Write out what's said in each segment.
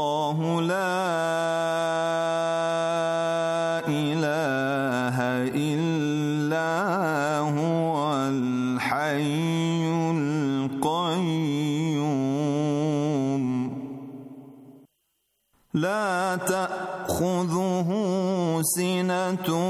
الله لا إله إلا هو الحي القيوم لا تأخذه سنة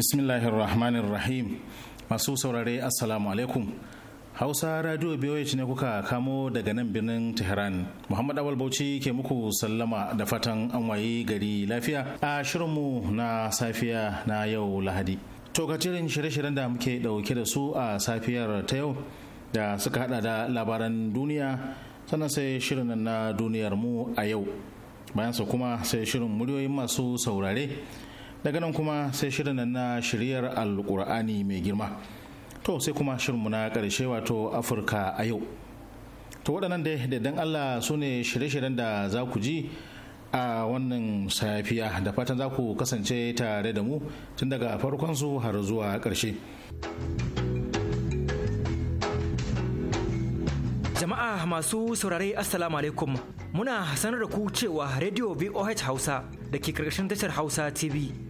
bismillahir masu saurare assalamu alaikum hausa radio biyoyi ne kuka kamo daga nan birnin tehran muhammad awal bauchi ke muku sallama da fatan an waye gari lafiya a shirinmu na safiya na yau lahadi to shirye-shiryen da muke dauke da su a safiyar ta yau da suka hada da labaran duniya sannan sai shirin na duniyar mu a yau bayan su kuma sai shirin muryoyin masu saurare daga nan kuma sai shirin na shiryar alkur'ani mai girma to sai kuma shirinmu na karshe wato afirka a yau to waɗannan dai da dan allah su ne shirye-shiryen da za ku ji a wannan safiya da fatan za ku kasance tare da mu tun daga farkon su har zuwa ƙarshe jama'a masu saurare assalamu alaikum muna sanar da ku cewa radio voh hausa da ke karkashin tashar hausa tv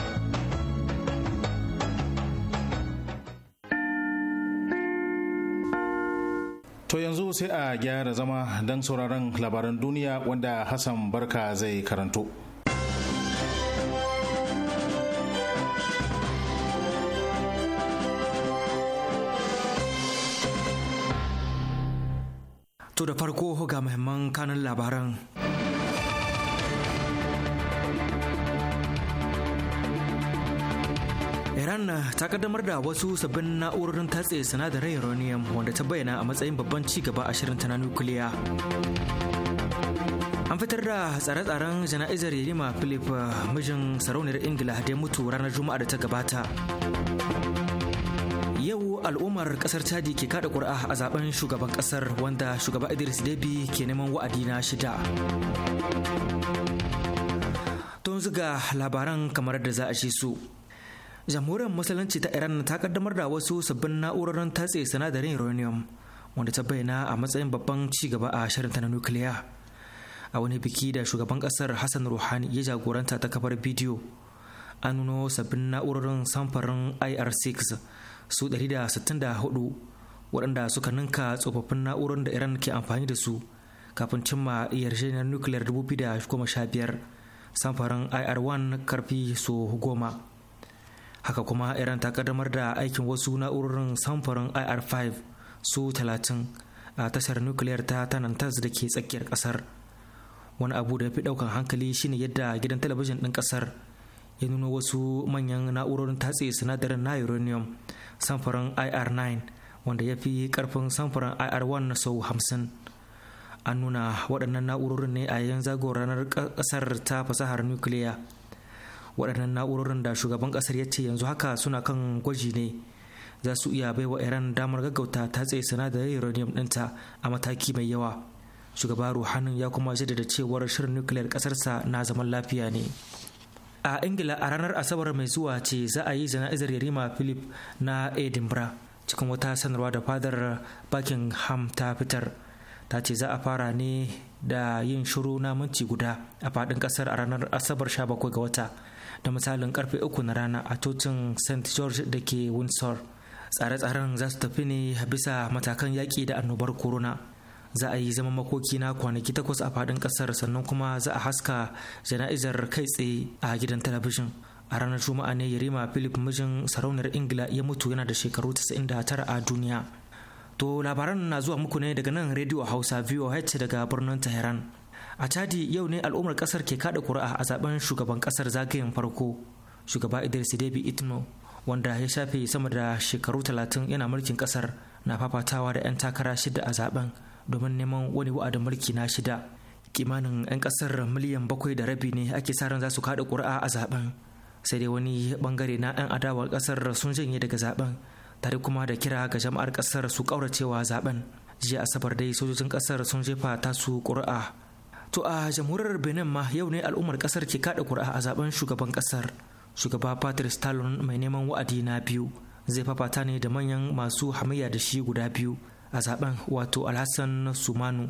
To yanzu sai a gyara zama don sauraron labaran duniya wanda Hassan Barka zai karanto. To da farko ga muhimman kanan labaran. Iran ta kaddamar da wasu sabbin na'urorin tatse sinadarai uranium wanda ta bayyana a matsayin babban ci gaba a shirin ta nukiliya. An fitar da tsare-tsaren jana'izar Yarima Philip mijin sarauniyar Ingila da ya mutu ranar Juma'a da ta gabata. Yau al'ummar kasar Chadi ke kada ƙura a zaben shugaban kasar wanda shugaba Idris Deby ke neman wa'adi na shida. Tun zuga labaran kamar da za a su. jamhuriyar musulunci ta iran ta kaddamar da wasu sabbin na'urorin tatse sinadarin uranium wanda ta bayyana a matsayin babban ci gaba a shirinta na nukiliya a wani biki da shugaban kasar hassan ruhani ya jagoranta ta kafar bidiyo an nuno sabbin na'urorin samfarin ir-6 su 164 waɗanda suka ninka tsofaffin na'urorin da iran ke amfani da su kafin cimma yarjejeniyar nukiliyar 2015 samfarin ir-1 karfi su goma haka kuma iran ta kaddamar da aikin wasu na'urorin samfurin ir-5 su 30 a tashar nukiliyar ta tanantas da ke tsakiyar kasar wani abu da ya fi daukan hankali shine yadda gidan talabijin ɗin kasar ya nuna wasu manyan na'urorin tatse sinadarin na uranium samfurin ir-9 wanda ya fi karfin samfurin ir-1 na sau 50 an nuna waɗannan na'urorin ne a yanzu zagawar ranar ƙasar ta fasahar nukiliya waɗannan na'urorin da shugaban ƙasar ya ce yanzu haka suna kan gwaji ne za su iya baiwa iran damar gaggauta ta tsaye sinadarin uranium ɗinta a mataki mai yawa shugaba ruhanin ya kuma jaddada cewar shirin nukiliyar ƙasarsa na zaman lafiya ne a ingila a ranar asabar mai zuwa ce za a yi jana'izar yarima philip na edinburgh cikin wata sanarwa da fadar buckingham ta fitar ta ce za a fara ne da yin shiru na minti guda a faɗin ƙasar a ranar asabar 17 ga wata da misalin karfe uku na rana a cocin st george da ke windsor tsare-tsaren za su tafi ne bisa matakan yaƙi da annobar corona za a yi zama makoki na kwanaki takwas a faɗin ƙasar sannan kuma za a haska jana'izar kai tsaye a gidan talabijin a ranar juma'a ne yarima philip mijin sarauniyar ingila ya mutu yana da shekaru 99 a duniya to labaran na zuwa muku ne daga nan radio hausa voh daga birnin tehran a chadi yau ne al'ummar kasar ke kada kuri'a a zaben shugaban kasar zagayen farko shugaba idris debi itno wanda ya shafe sama da shekaru talatin yana mulkin kasar na fafatawa da 'yan takara shida a zaben domin neman wani wa'adin mulki na shida kimanin 'yan kasar miliyan bakwai da rabi ne ake sa ran za su kada kuri'a a zaben sai dai wani bangare na 'yan adawar kasar sun janye daga zaben tare kuma da kira ga jama'ar kasar su kauracewa zaben jiya asabar dai sojojin kasar sun jefa tasu ƙuri'a To a jamhuriyar Benin ma yau ne al'ummar kasar ke kada kura a zaben shugaban kasar. Shugaba Patrice Talon mai neman wa'adi na biyu zai fafata ne da manyan masu hamayya da shi guda biyu a zaben wato Alhassan Sumanu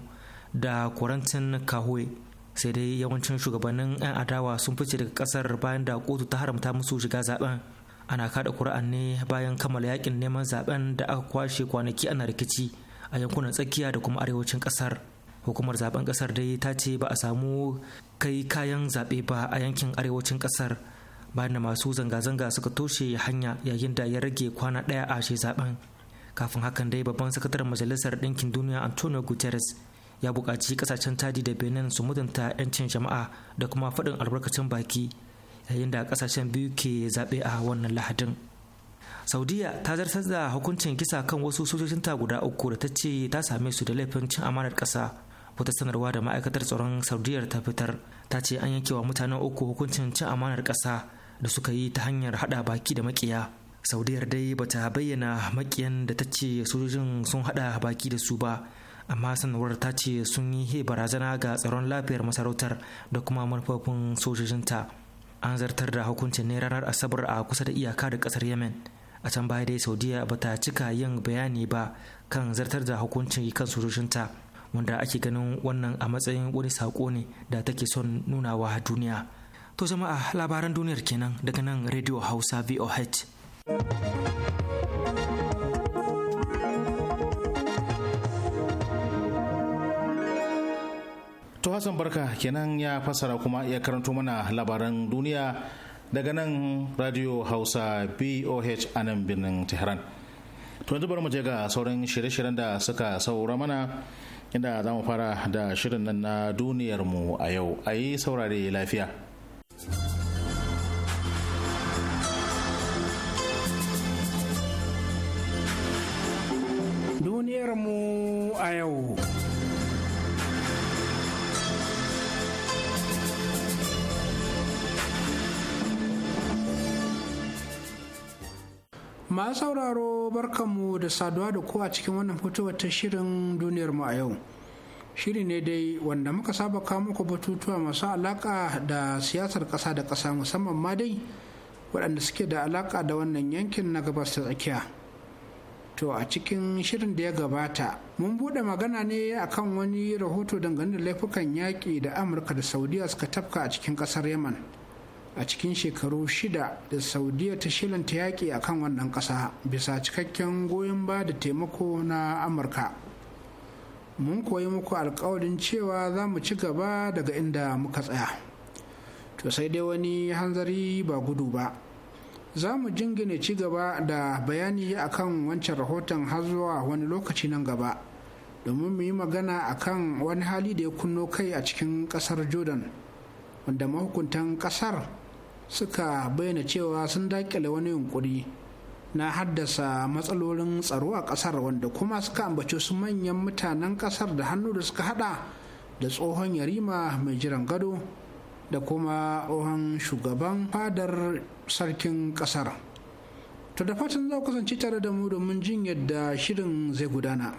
da Kwarantin Kahoe. Sai dai yawancin shugabannin 'yan adawa sun fice daga kasar bayan da kotu ta haramta musu shiga zaben. Ana kada kura'an ne bayan kammala yakin neman zaben da aka kwashe kwanaki ana rikici a yankunan tsakiya da kuma arewacin kasar. hukumar zaben kasar dai ta ce ba a samu kai kayan zaɓe ba a yankin arewacin kasar bayan da masu zanga-zanga suka toshe hanya yayin da ya rage kwana ɗaya a shi zaben kafin hakan dai babban sakataren majalisar ɗinkin duniya antonio guterres ya buƙaci ƙasashen tadi da benin su mutunta 'yancin jama'a da kuma faɗin albarkacin baki yayin da ƙasashen biyu ke zaɓe a wannan lahadin saudiya ta zartar da hukuncin kisa kan wasu sojojinta guda uku da ta ce ta same su da laifin cin amanar ƙasa wata sanarwa da ma'aikatar tsaron saudiyar ta fitar ta ce an yanke wa mutanen uku hukuncin cin amanar ƙasa da suka yi ta hanyar haɗa baki da makiya saudiyar dai bata bayyana makiyan da ta ce sojojin sun haɗa baki da su ba amma sanarwar ta ce sun yi he barazana ga tsaron lafiyar masarautar da kuma manufofin sojojinta an zartar da hukuncin ne ranar asabar a kusa da iyaka da kasar yemen a can baya dai saudiya bata cika yin bayani ba kan zartar da hukuncin kan sojojinta wanda ake ganin wannan a matsayin wani saƙo ne da take son nunawa duniya to jama'a labaran duniyar kenan daga nan radio hausa voh To Hassan Barka kenan ya fassara kuma ya karanto mana labaran duniya daga nan Radio Hausa BOH a nan birnin Tehran. To yanzu mu je ga sauran shirye-shiryen da suka saura mana inda za mu fara da shirin nan na duniyarmu a yau a yi saurare lafiya duniyarmu a yau masu sauraro barkanmu da saduwa da kowa cikin wannan fitowar ta shirin duniyar mu a yau shiri ne dai wanda muka saba kawo muku batutuwa masu alaka da siyasar ƙasa da ƙasa musamman ma dai waɗanda suke da alaka da wannan yankin na gabas ta tsakiya to a cikin shirin da ya gabata mun buɗe magana ne akan wani rahoto dangane da laifukan yaƙi da amurka da saudiya suka tafka a cikin ƙasar yaman a cikin shekaru shida da saudiya ta ta yaƙi a kan wannan ƙasa bisa cikakken goyon ba da taimako na amurka mun koyi muku alkawarin cewa za mu ci gaba daga inda muka tsaya to sai dai wani hanzari ba gudu ba za mu jingine ci gaba da bayani akan wancan rahoton har zuwa wani lokaci nan gaba domin mu yi magana a kan wani hali da ya kunno kai a cikin ƙasar jordan wanda mahukuntan ƙasar suka bayyana cewa sun dakile wani yunkuri na haddasa matsalolin tsaro a ƙasar wanda kuma suka ambaci su manyan mutanen ƙasar da hannu da suka hada da tsohon yarima mai jiran gado da kuma tsohon shugaban fadar sarkin ƙasar, to da fatan za ku kasance tare da mu domin jin yadda shirin zai gudana.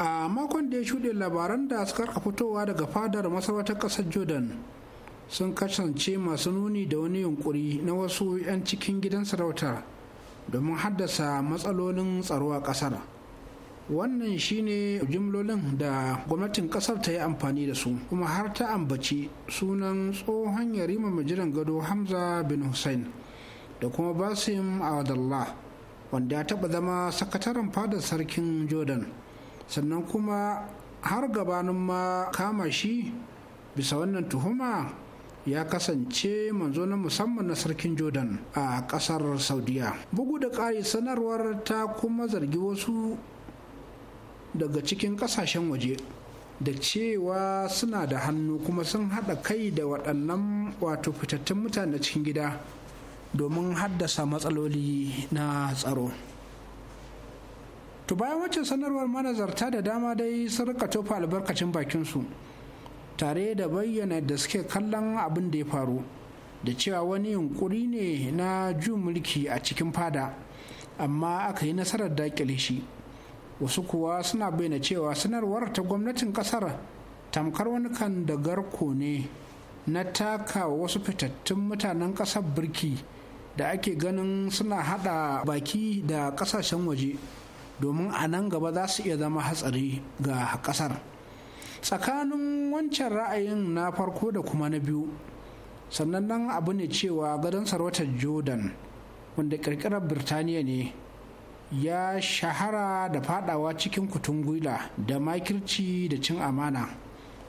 a makon da ya shuɗe labaran da suka fitowa daga fadar masarautar ƙasar jordan sun kasance masu nuni da wani yunkuri na wasu 'yan cikin gidan sarautar domin haddasa matsalolin tsaro a ƙasar wannan shine jimlolin da gwamnatin ƙasar ta yi amfani da su kuma har ta ambaci sunan tsohon yarima majiran gado hamza bin hussein da kuma basim awadallah wanda ya taɓa zama sakataren fadar sarkin jordan sannan kuma har gabanin ma kama shi bisa wannan tuhuma ya kasance manzo na musamman na sarkin jordan a kasar saudiya bugu da ƙari sanarwar ta kuma zargi wasu daga cikin ƙasashen waje da cewa suna da hannu kuma sun haɗa kai da waɗannan wato fitattun mutane cikin gida domin haddasa matsaloli na tsaro to bayan wacce sanarwar manazarta da dama dai sun rika tofa albarkacin bakinsu tare da bayyana da suke kallon abin da ya faru da cewa wani yunkuri ne na jun mulki a cikin fada amma aka yi nasarar dakile shi wasu kuwa suna bayyana cewa sanarwar ta gwamnatin kasar tamkar wani kan da garko ne na taka wasu fitattun mutanen kasar birki da ake ganin suna hada baki da kasashen waje domin a nan gaba za su iya zama hatsari ga kasar tsakanin wancan ra'ayin na farko da kuma na biyu sannan nan abu ne cewa gadon sarautar jordan wanda kirkirar birtaniya ne ya shahara da fadawa cikin kutun gwila da makirci da cin amana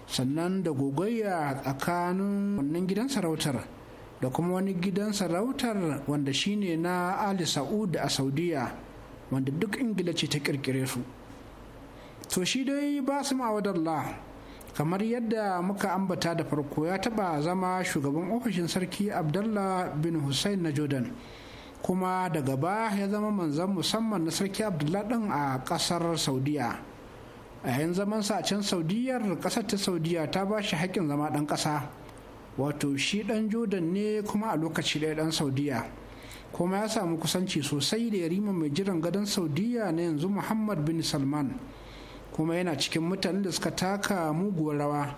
sannan da gogayya tsakanin wannan gidan sarautar da kuma wani gidan sarautar wanda shine na Ali Sa'ud a Saudiya wanda duk ingila ce ta kirkire su to shi dai ba basim awadallah kamar yadda muka ambata da farko ya taba zama shugaban ofishin sarki abdullah bin hussein na jordan kuma daga ba ya zama manzan musamman na sarki abdullah din a kasar saudiya a yan zaman sa a can saudiyar kasar ta saudiya ta ba shi haƙƙin zama ɗan ƙasa wato shi ɗan jordan ne kuma a lokaci ɗaya ɗan saudiya kuma ya samu kusanci sosai da yarima mai jiran gadon saudiya na yanzu muhammad bin salman kuma yana cikin mutane da suka taka muguwar rawa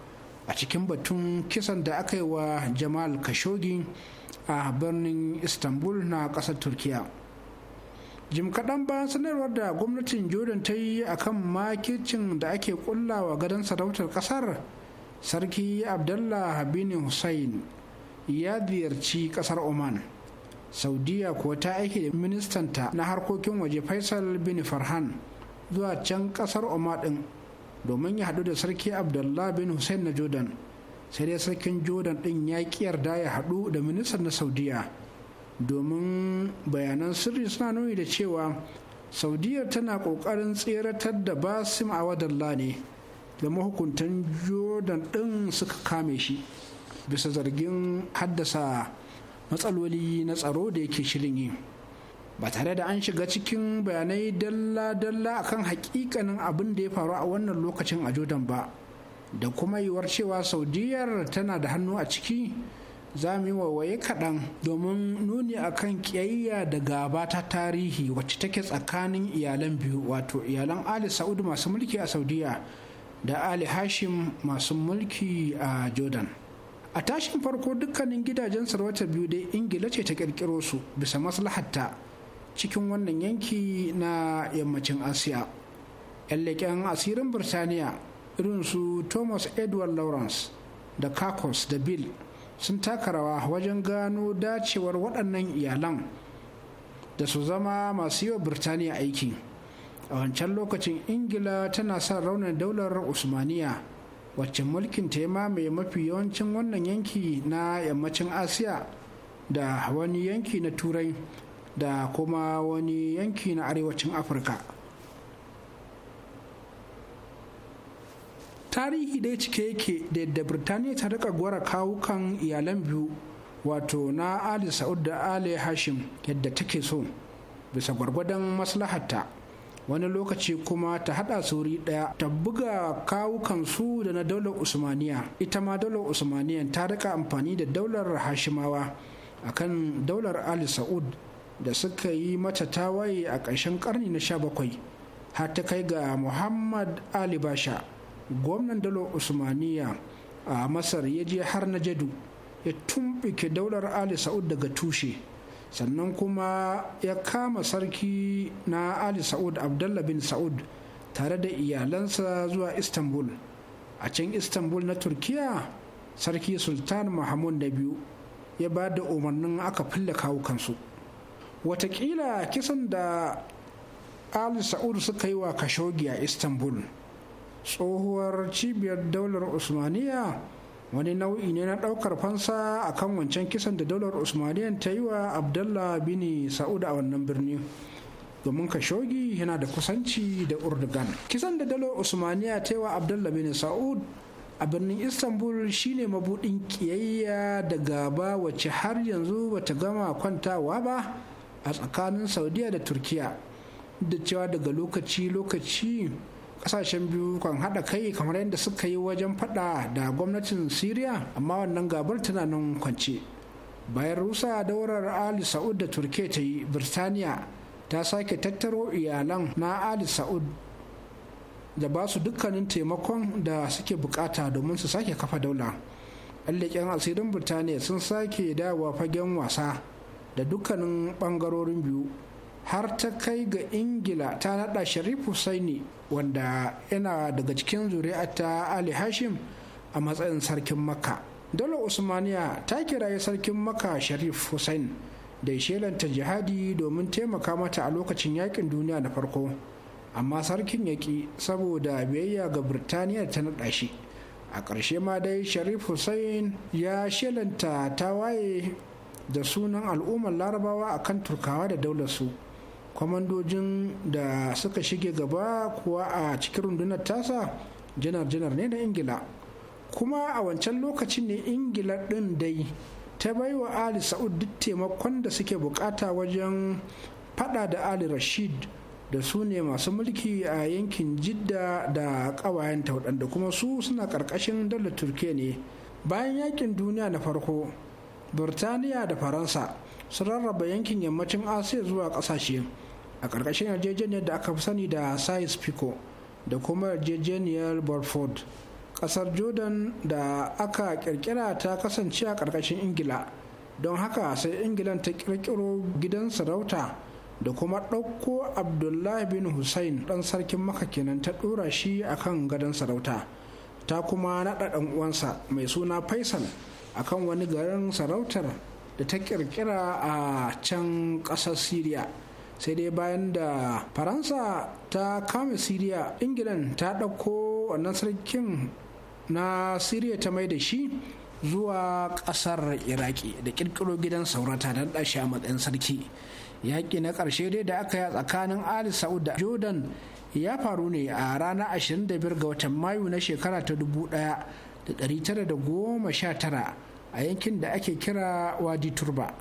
a cikin batun kisan da aka yi wa jamal khashoggi a birnin istanbul na ƙasar turkiya jim kaɗan bayan sanarwar da gwamnatin jordan ta yi a kan makicin da ake wa gadon sarautar ƙasar sarki abdullah bin hussein ya ziyarci ƙasar oman saudiya kuwa ta aiki da ministanta na harkokin waje faisal bin farhan zuwa can kasar omar din domin ya haɗu da sarki abdullah bin hussein na jordan sai dai sarkin jordan din ya ƙi yarda ya haɗu da ministan na saudiya domin bayanan sirri suna nuni da cewa saudiya tana ƙoƙarin tseratar da basim awadallah ne da mahukuntan jordan din suka kame shi bisa zargin haddasa matsaloli na tsaro da yake shirin yi ba tare da an shiga cikin bayanai dalla-dalla akan hakikanin abin da ya faru a wannan lokacin a jordan ba da kuma yiwuwar cewa saudiyar tana da hannu a ciki za mu yi wawaye kaɗan domin nuni akan ƙiyayya da gaba ta tarihi wacce take tsakanin iyalan biyu wato iyalan ali Saudu masu mulki a saudiya da ali hashim masu mulki a jordan a tashin farko dukkanin gidajen sarwata biyu dai ingila ce ta kirkiro su bisa maslahatta cikin wannan yanki na yammacin asiya yan leƙen asirin birtaniya irin su thomas edward lawrence da kakos da bill sun taka rawa wajen gano dacewar waɗannan iyalan da su zama masu yiwa birtaniya aiki a wancan lokacin ingila tana son raunin daular usmaniya wacce mulkin ta mamaye mafi yawancin wannan yanki na yammacin asiya da wani yanki na turai da kuma wani yanki na arewacin afirka tarihi dai cike yake da yadda birtaniya ta rika gwara kawukan iyalan biyu wato na ali sa'ud da ali hashim yadda take so bisa gwargwadon maslahatta wani lokaci kuma ta hada su wuri daya ta buga kawukan su da na daular usmaniya ita ma daular usmaniya ta rika amfani da daular hashimawa akan daular ali sa'ud da suka yi mata tawaye a ƙarshen ƙarni na 17 har ta kai ga muhammad ali basha gwamnan daular usmaniya a masar ya je har na jadu ya tumbike daular ali sa'ud daga tushe sannan kuma ya kama sarki na ali sa'ud abdullah bin sa'ud tare da iyalansa zuwa istanbul a can istanbul na turkiya sarki sultan mahamud na biyu ya ba da umarnin aka kawo kawukansu watakila kisan da ali sa'ud suka yi wa kashogi a istanbul tsohuwar cibiyar daular usmaniya wani nau'i ne na ɗaukar fansa a kan wancan kisan da daular usmaniyan ta yi wa abdallah bin sa'ud a wannan birni domin kashogi yana da kusanci da urdugan kisan da daular usmaniya ta yi wa abdallah bin sa'ud a birnin istanbul shine mabudin kiyayya da gaba wacce har yanzu bata gama kwantawa ba a tsakanin saudiya da turkiya da cewa daga lokaci-lokaci kasashen biyu kan hada kai kamar yadda suka yi wajen fada da gwamnatin syria amma wannan gabar tunanin kwance bayan rusa daurar ali sa'ud da turke ta yi birtaniya ta sake tattaro iyalan na ali sa'ud da ba su dukkanin taimakon da suke bukata domin su sake kafa daula leƙen asirin birtaniya sun sake dawa fagen wasa da dukkanin ɓangarorin biyu har ta kai ga ingila ta nada sharif husaini wanda yana daga cikin zuri'ata ali hashim a matsayin sarkin makka dole usmaniya ta kiraye sarkin makka sharif hussain da shelanta jihadi domin taimaka mata a lokacin yakin duniya na farko amma sarkin yaƙi saboda biyayya ga birtaniya ta naɗa shi a ƙarshe ma dai sharif hussain ya shelanta waye da sunan al'ummar larabawa akan turkawa da daular su kwamandojin da suka shige gaba kuwa a cikin rundunar tasa janar-janar ne na ingila kuma a wancan lokacin ne ingila ɗin dai ta bai wa ali sa'ud duk taimakon da suke bukata wajen fada da ali rashid da su ne masu mulki a yankin jidda da ƙawayenta waɗanda kuma su suna ƙarƙashin dalar turkiya ne bayan yakin duniya na farko birtaniya da faransa sun rarraba yankin yammacin asiya zuwa ƙasashe a ƙarƙashin yarjejeniyar da aka fi sani da sayis pico da kuma yarjejeniyar burford ƙasar jordan da aka ƙirƙira ta kasance a ƙarƙashin ingila don haka sai ingilan ta ƙirƙiro gidan sarauta da kuma ɗauko abdullahi bin hussein ɗan sarkin maka kenan ta ɗora shi a kan gadon sarauta ta kuma naɗa ɗan uwansa mai suna faisal a kan wani garin sarautar da ta ƙirƙira a can ƙasar syria sai dai bayan da faransa ta kame siriya ingilan ta ɗauko wannan sarkin na siriya ta mai da shi zuwa ƙasar iraki da ƙirƙiro gidan saurata don ɗashi a matsayin sarki yaƙi na ƙarshe dai da aka yi a tsakanin ali saud da jordan ya faru ne a ranar 25 ga watan mayu na shekara ta 1919 a yankin da ake kira wadi turba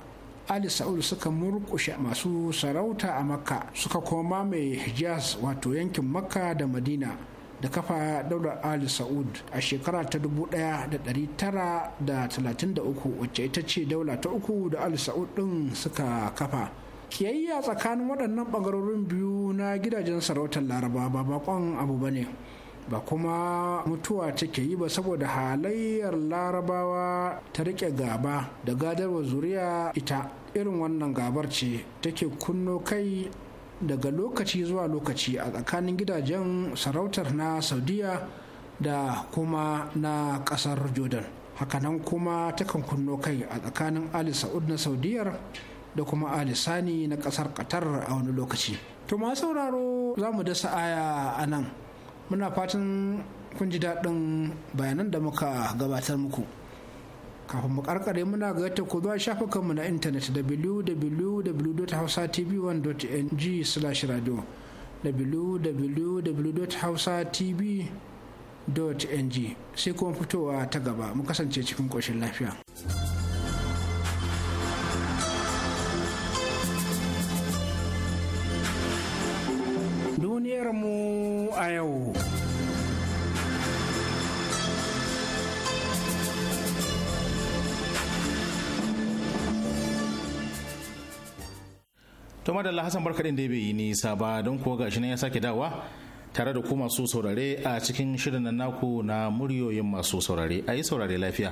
ali sa'ul suka murkushe masu sarauta a makka suka koma mai hijaz wato yankin makka da madina da kafa daular ali sa'ud a shekara ta 1933 wacce ita ce daula ta uku da ali sa'ud din suka kafa kiyayya tsakanin waɗannan ɓangarorin biyu na gidajen sarautar laraba ba bakon abu ba ne ba kuma mutuwa take yi ba saboda halayyar larabawa ta rike gaba da gadarwa zuriya ita irin wannan gabar ce take kunno kai daga lokaci zuwa lokaci a tsakanin gidajen sarautar na saudiya da kuma na kasar jordan hakanan kuma takan kunno kai a tsakanin ali sa'ud na saudiyar da kuma ali sani na kasar qatar a wani lokaci to ma sauraro za mu dasa aya a nan muna fatan kun ji daɗin bayanan da muka gabatar muku kafin mu karkare muna ga yadda ku zuwa shafukanmu na intanet www.hausatv1.ng slash radio www.hausatv.ng sai kuma fitowa ta gaba mu kasance cikin ƙoshin lafiya. mu a yau. da Allah hassan barka da bai yi nisa ba don kuwa gashi nan ya sake dawa tare da ku masu saurare a cikin shirin nan naku na muryoyin masu saurare a yi saurare lafiya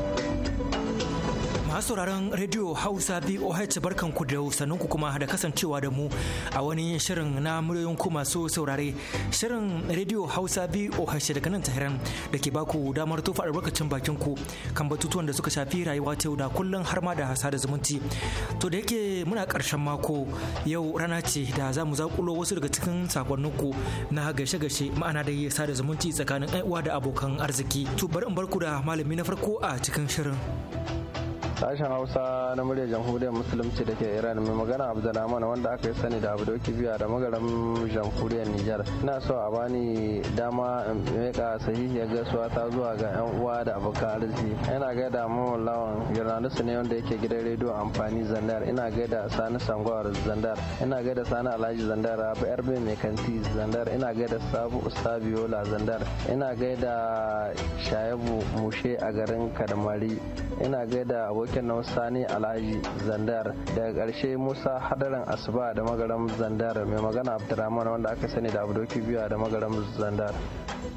masu sauraron Radio Hausa BOH barkanku da ku kuma da kasancewa da mu a wani shirin na muryoyin ku masu saurare. Shirin Radio Hausa BOH daga nan Tahiran da ke baku damar tofa albarkacin bakin ku kan batutuwan da suka shafi rayuwa ta yau da kullum har ma da hasa da zumunci. To da yake muna karshen mako yau rana ce da za mu zakulo wasu daga cikin ku na gashe-gashe ma'ana da da zumunci tsakanin uwa da abokan arziki. To bari in ku da malami na farko a cikin shirin. sashen hausa na muryar jamhuriyar musulunci da ke iran mai magana abdulrahman wanda aka yi sani da abu doki biya da magaran jamhuriyar nijar ina so a bani dama in sahihi sahihiyar gasuwa ta zuwa ga yan uwa da abokan arziki ina gaida mamman lawan jurnalist ne wanda yake gidan rediyo amfani zandar ina gaida sani sangwar zandar ina gaida sani alhaji zandar rabu yarbe mai kanti zandar ina gaida sabu ustabiola zandar ina gaida shayabu mushe a garin kadamari ina gaida abokin Barkinau Sani Alhaji Zandar daga karshe Musa Hadarin Asuba da magaram Zandar mai magana Abdurrahman wanda aka sani da Abdoki biyu da magaram Zandar.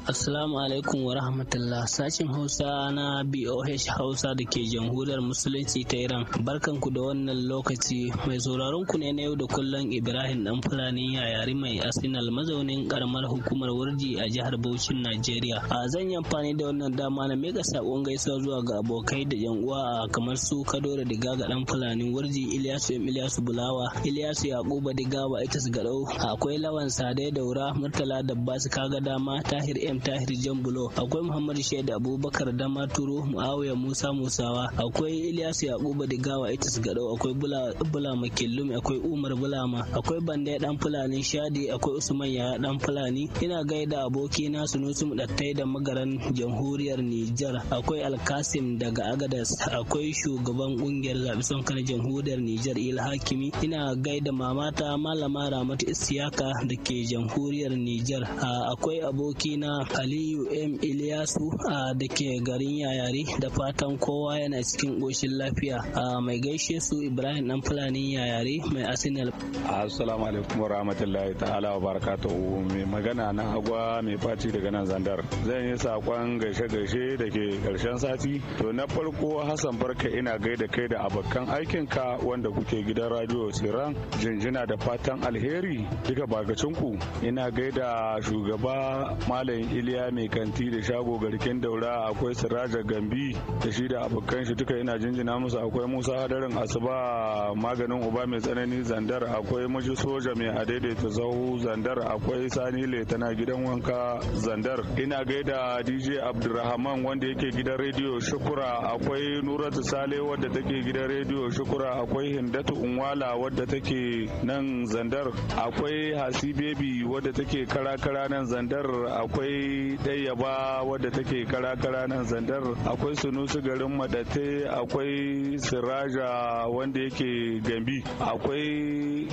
Assalamu alaikum wa rahmatullah sashin Hausa na BOH Hausa da ke jamhuriyar Musulunci ta Iran. Barkanku da wannan lokaci mai sauraron ku ne na yau da kullum Ibrahim dan Fulani yayari mai asinal mazaunin karamar hukumar Wurji a jihar Bauchi Najeriya. A zan yi amfani da wannan dama na mega sakon gaisuwa zuwa ga abokai da yan uwa a kamar su kadoda Diga ga dan Fulani Wurji Ilyasu Ilyasu Bulawa Ilyasu Yakuba Digawa, ba ita su akwai Lawan Sade Daura Murtala da Dabbas kaga dama Tahir Tahir M Tahir Jambulo akwai Muhammad Shaidu Abubakar damaturu Muawiya Musa Musawa akwai Ilyasu Yakubu Digawa Itis Gado akwai Bula Bula akwai Umar Bulama akwai Bande Dan Fulani Shadi akwai Usman Ya Dan Fulani ina gaida aboki na nusu Mudattai da magaran Jamhuriyar Nijar akwai Alkasim daga Agadas akwai shugaban kungiyar zabisan kan Jamhuriyar Nijar Il Hakimi ina gaida mamata Malama Ramatu Isiyaka da ke Jamhuriyar Nijar akwai aboki na magana aliyu m iliyasu da ke garin yayari da fatan kowa yana cikin ƙoshin lafiya mai gaishe su ibrahim ɗan fulani yayari mai arsenal assalamu alaikum wa rahmatullahi ta'ala wa barakatuhu mai magana na agwa mai faci daga nan zandar zan yi sakon gaishe-gaishe da ke ƙarshen sati to na farko hassan barka ina gaida kai da abokan aikinka wanda kuke gidan radio Siran jinjina da fatan alheri duka bagacinku ina gaida shugaba malam ibrahim iliya mai kanti da shago garkin daura akwai siraja gambi da shi da abokan shi duka yana jinjina musu akwai musa hadarin asuba maganin uba mai tsanani zandar akwai maji soja mai adaidaita zahu zandar akwai sani tana gidan wanka zandar ina gaida dj abdurrahman wanda yake gidan rediyo shukura akwai nuratu sale wadda take gidan rediyo shukura akwai hindatu unwala wadda take nan zandar akwai hasi baby wadda take kara kara nan zandar akwai akwai ɗayyaba wadda take kara-kara nan zandar akwai sunusu garin madate akwai siraja wanda yake gambi akwai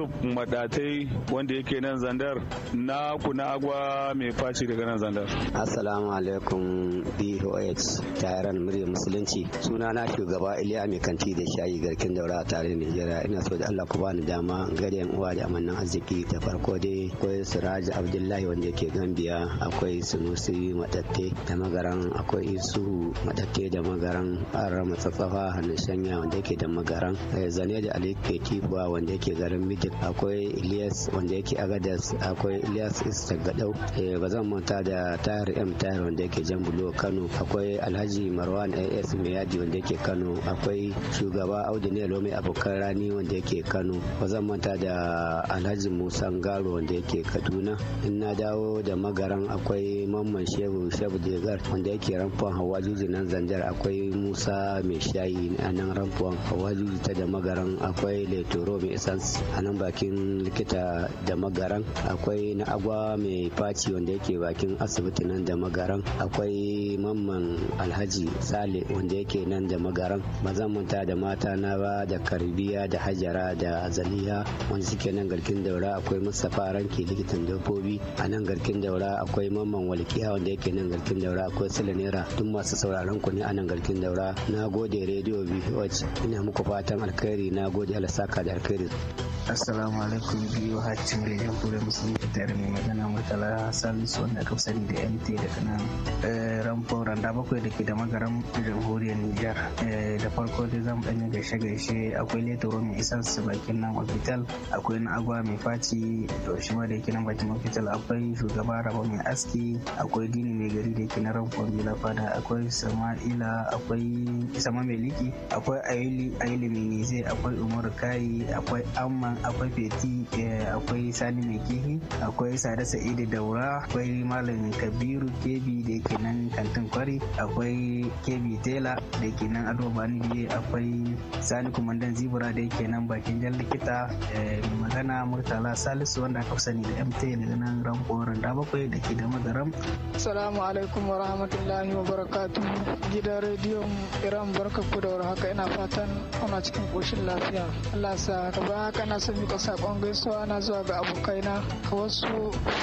yusuf madatai wanda yake nan zandar na kuna agwa mai faci daga nan zandar assalamu alaikum boh tayaran murya musulunci suna na shugaba iliya mai kanti da shayi garkin daura tare nigeria ina so da allah ku bani dama gare uwa da amannan arziki da farko dai akwai siraji abdullahi wanda yake gambia akwai sunusi matatte da magaran akwai isu matatte da magaran arra tsatsafa hannun shanya wanda yake da magaran eh, zane da ali ketiba wanda yake garin mijin akwai elias wanda yake Agadas akwai Ilyas Ista Gadau eh, ba zan manta da Tahir M Tahir wanda yake Jan Kano akwai Alhaji Marwan AS Meyadi wanda yake Kano akwai shugaba Audu ne Lome abokan rani wanda yake Kano ba zan manta da Alhaji Musa Ngaro wanda yake Kaduna in na dawo da magaran akwai Mamman Shehu Shehu Degar wanda yake Ramfon Hawa Juji nan Zanjar akwai Musa Mai Shayi a nan Ramfon Hawa Juji ta da magaran akwai leto Mai Essence nan bakin likita da magaran akwai na agwa mai faci wanda yake bakin asibiti nan da magaran akwai mamman alhaji sale wanda yake nan da magaran mazan manta da mata na ba da karbiya da hajara da azaliya wanda suke nan garkin daura akwai mustapha ranke likitan dabbobi a nan garkin daura akwai mamman walkiya wanda yake nan garkin daura akwai sula naira duk masu sauraron ku ne a nan garkin daura na gode rediyo bih ina muku fatan alkhairi na gode alasaka da alkhairi assalamu alaikum biyu hacin da jamhuriyar da tare mai magana murtala salisu wanda aka sani da mt da kanan eh, ramfo randa bakwai da ke da magaran jamhuriyar nijar eh, da farko dai zan ɗanyi gaishe gaishe akwai letaro mai isan su bakin nan hospital akwai na agwa mai faci da shi ma da yake nan bakin hospital akwai shugaba rabo mai aski akwai dini mai gari da yake na ramfo bila fada akwai sama'ila akwai sama mai liki akwai ayili ayili mai nize akwai umaru kayi akwai amman akwai feti eh, akwai sani mai kihi akwai sada sa'idu daura akwai malam kabiru kebi da ke nan kantin kwari akwai kebi tela da ke nan ado akwai sani kumandan zibura da ke nan bakin jan likita eh, magana murtala salisu wanda aka sani da mt daga nan ramko da bakwai da ke da madaram salamu alaikum wa rahmatullahi wa barakatu gidan rediyon iran barka ku da haka ina fatan ana cikin koshin lafiya allah sa ka ba na ina son mika gaisuwa na zuwa ga abokaina wasu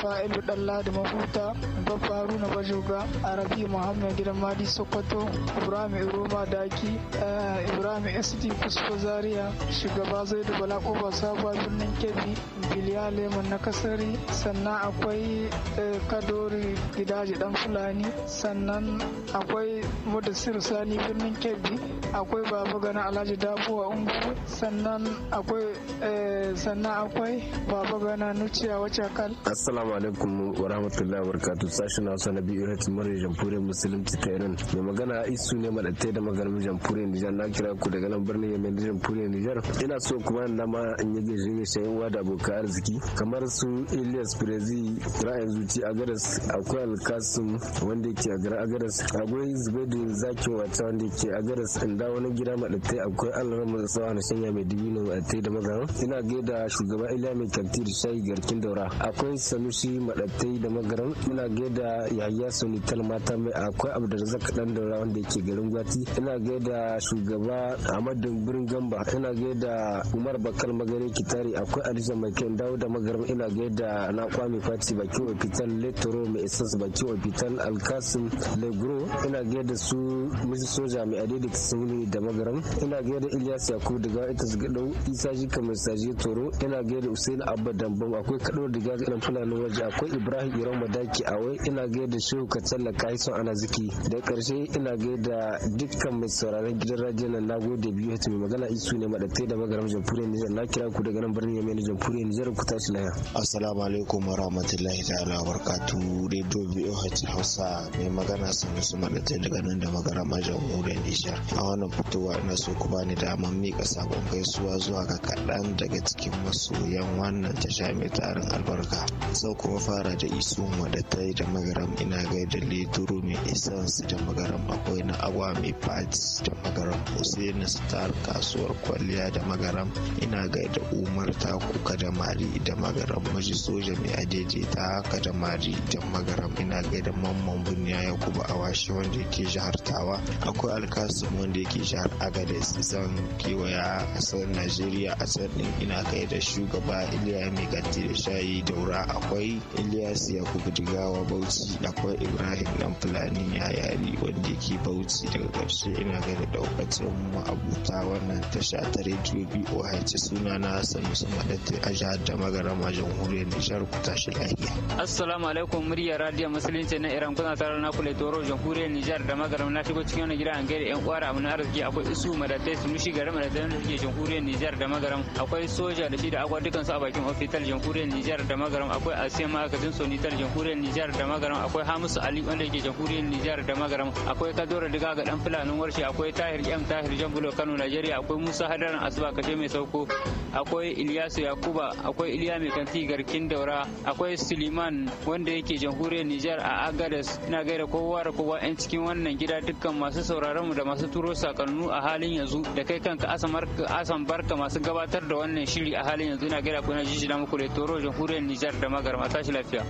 fa'ilu dan ladi mahuta babba haruna bajoga arabi muhammad gidan madi sokoto ibrahim roma daki eh, ibrahim sd kusko zaria shugaba zaidu bala kofa sabuwa birnin kebbi biliya lemon na kasari sannan akwai eh, kadori gidaje dan fulani sannan akwai mudasir sani birnin kebbi akwai baba gana alhaji a ungu sannan akwai eh, sannan akwai baba gana nuciya wacce kal assalamu alaikum wa rahmatullahi wa barakatuh sashen hausa na biyu hatu mara jamhuriyar musulunci ta irin mai magana isu ne madattai da maganar jamhuriyar nijar na kira ku daga nan birnin yemen da jamhuriyar nijar ina so kuma na ma in yi gaji ne shayin wa da abokan arziki kamar su ilias prezi ra'ayin zuci agaras akwai alkasim wanda yake agaras akwai zubaidu zakin wata wanda yake agaras da wani gida madattai akwai allah ramar na shanya mai na madattai da magaran ina gaida shugaba iliya mai kanti da shayi garkin daura akwai sanusi madattai da magaran ina gaida yahaya sunital mata mai akwai abdulrazak dan daura wanda yake garin gwati ina gaida shugaba ahmadu birin gamba ina gaida umar bakar magare kitari akwai alisa mai kyan dawo da magaran ina gaida na kwami fati baki ofital letoro mai isas baki ofital alkasim legro ina gaida su mrs soja mai adidi sun ne da Magaram. Ina da Ilyas Yakubu daga ita Gadau Isa Jika Mai Saje Toro. Ina da Usain Abba Dambam akwai kado daga Ilan Fulani waje akwai Ibrahim Iran Madaki wai Ina gaida Shehu Katsalla ana ziki Da karshe ina da dukkan mai sauraron gidan radiyon nan nagode biyu hatu mai magana isu ne madatai da Magaram Jamhuriyar Nijar. Na kira ku daga nan birnin Yemen Jamhuriyar Nijar ku tashi laya. Assalamu alaikum wa rahmatullahi ta'ala wa barakatuhu. Radio BOH Hausa mai magana sanusu madatai daga nan da Magaram a Jamhuriyar Nijar. wannan fitowa ina so ku bani damar mika sabon gaisuwa zuwa ga kaɗan daga cikin masoyan wannan tasha mai tarin albarka sau kuma fara da isu madatai da magaram ina gaida lituru mai isansu da magaram akwai na agwa mai fati da magaram hussein star kasuwar kwalliya da magaram ina gaida umar ta kuka da mari da magaram maji soja mai ajeje ta haka da mari da magaram ina gaida mamman bunya kuma awashi wanda ke jihar tawa akwai alkasim wanda ke jihar agades zan kewaya a kasar najeriya a tsarnin ina kai da shugaba iliya mai kanti da shayi daura akwai ilyas kuka digawa bauchi akwai ibrahim dan fulani yari wanda ke bauchi daga karshe ina gaida daukacin ma'abuta wannan tasha ta rediyo boh suna na sanusi madatta a jihar da magarama jamhuriyar nijar ku tashi lafiya assalamu alaikum murya radiyo musulunci na iran kuna tare na kula toro jamhuriyar nijar da magarama na shigo cikin wani gida an gaida yan uwa da amina arziki akwai isu su mushi gare madadai wanda suke jamhuriyar nijar da magaram akwai soja da shi da agwa su a bakin ofital jamhuriyar nijar da magaram akwai asiyan magazin sonital jamhuriyar nijar da magaram akwai hamisu ali wanda yake jamhuriyar nijar da magaram akwai kadora diga ga dan fulanin warshe akwai tahir yam tahir jambulo kano najeriya akwai musa hadaran asuba kaje mai sauko akwai ilyasu yakuba akwai iliya mai kanti garkin daura akwai suleiman wanda yake jamhuriyar nijar a agadas ina gaida kowa da kowa yan cikin wannan gida dukkan masu sauraron mu da masu turo sa sakannu a halin yanzu da kai kanka asan barka masu gabatar da wannan shiri a halin yanzu ina gaida kuna jijjina muku da toro jamhuriyar nijar da magarma shi lafiya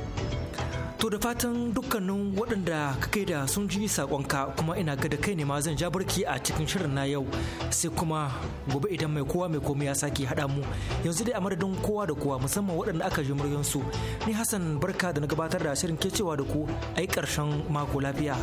To da fatan dukkanin waɗanda ka kai da sun ji saƙonka kuma ina ga da kai ne ma zan ja barki a cikin shirin na yau sai kuma gobe idan mai kowa mai komai ya sake haɗa mu yanzu dai a madadin kowa da kowa musamman waɗanda aka ji su ni Hassan barka da na gabatar da shirin ke da ku a yi ƙarshen mako lafiya.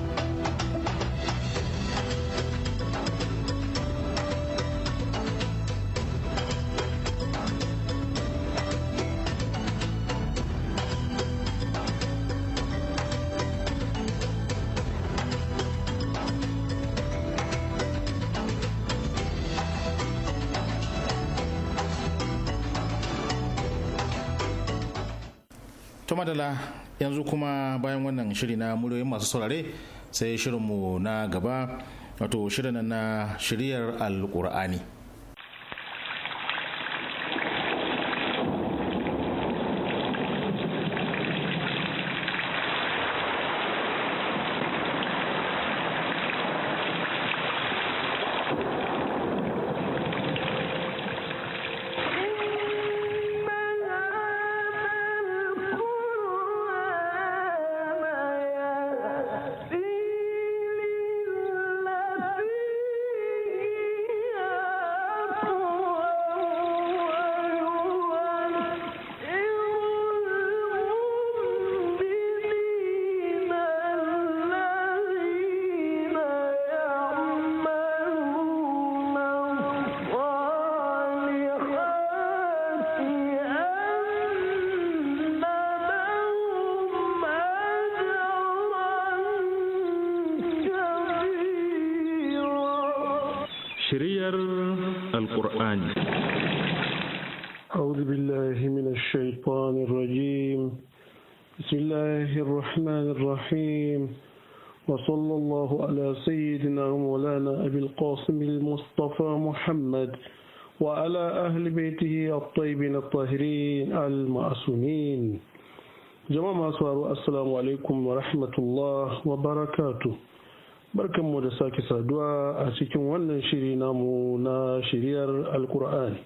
madala yanzu kuma bayan wannan shiri na muryoyin masu saurare sai shirinmu na gaba wato shirin na shiryar alkur'ani وصلى الله على سيدنا مولانا أبي القاسم المصطفى محمد وعلى أهل بيته الطيبين الطاهرين المعصومين جماعة أسوار السلام عليكم ورحمة الله وبركاته barkan mu da sake saduwa a cikin wannan shiri namu na shiriyar alkur'ani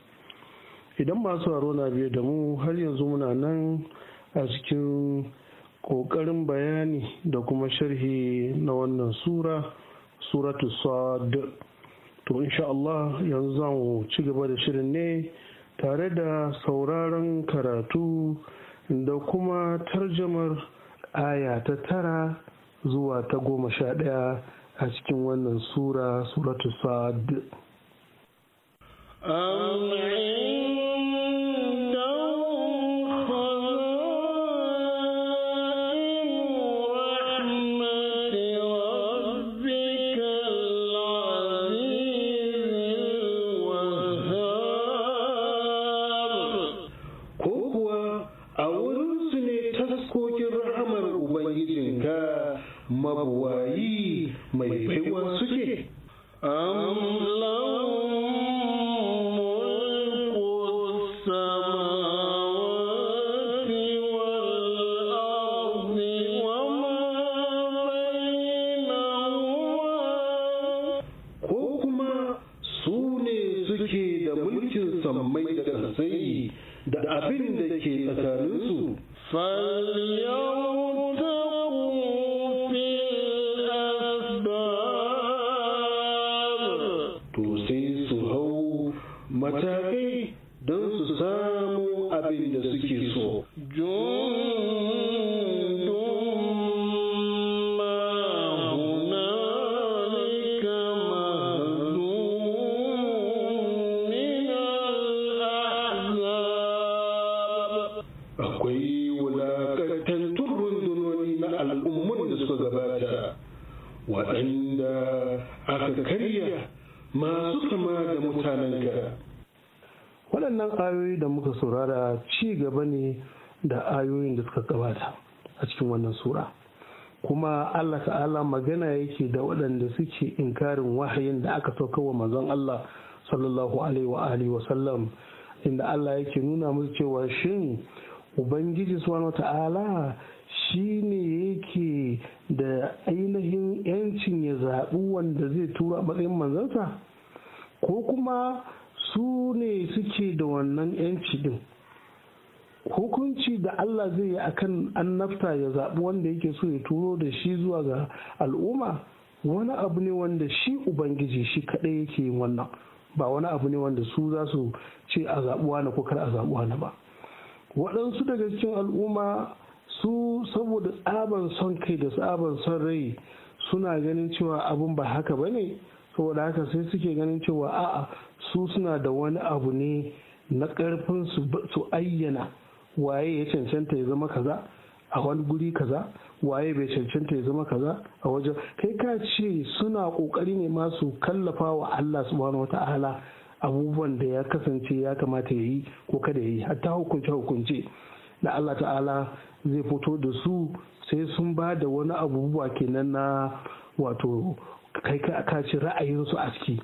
idan masu haro na biye da mu har yanzu muna nan a cikin ƙoƙarin bayani da kuma sharhi na wannan sura suratu sad to insha Allah yanzu za mu ci gaba da shirin ne tare da sauraron karatu da kuma tarjamar aya ta tara zuwa ta goma sha ɗaya a cikin wannan sura suratu sad yake da waɗanda suke inkarin wahayin da aka wa manzon Allah sallallahu alaihi wa wa sallam inda Allah yake nuna musu cewa shin ubangiji subhanahu ta'ala shi an nafta ya zaɓi wanda yake so ya turo da shi zuwa ga al'umma wani abu ne wanda shi ubangiji shi kaɗai yake yin wannan ba wani abu ne wanda su za su ce a zaɓuwa na ko kar a zaɓuwa na ba waɗansu daga cikin al'umma su saboda tsaban son kai da tsaban son rai suna ganin cewa abun ba haka ba ne saboda haka sai suke ganin cewa a'a su suna da wani abu ne na ƙarfin su ayyana waye ya cancanta ya zama kaza a wani guri kaza waye bai cancanta ya zama kaza a wajen kai ka ce suna kokari ne masu kallafa wa Allah subhanahu wata'ala abubuwan da ya kasance ya kamata ya yi ko kada ya yi hatta hukunce hukunce da Allah ta'ala zai fito da su sai sun ba da wani abubuwa kenan na wato kai ka ci ra'ayinsu a ciki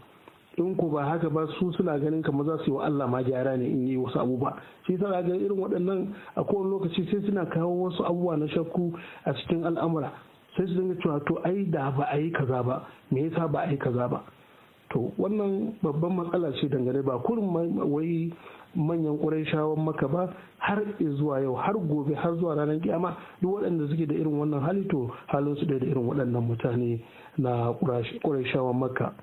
in ku ba haka ba su suna ganin kamar za su yi wa Allah ma gyara ne in yi wasu abubuwa shi yasa ga irin waɗannan a kowane lokaci sai suna kawo wasu abubuwa na shakku a cikin al'amura sai su dinga cewa to ai da ba a yi kaza ba me yasa ba a yi kaza ba to wannan babban matsala ce dangane ba kurin wai manyan shawon maka ba har zuwa yau har gobe har zuwa ranar kiyama duk waɗanda suke da irin wannan hali to halin su da irin waɗannan mutane na shawon maka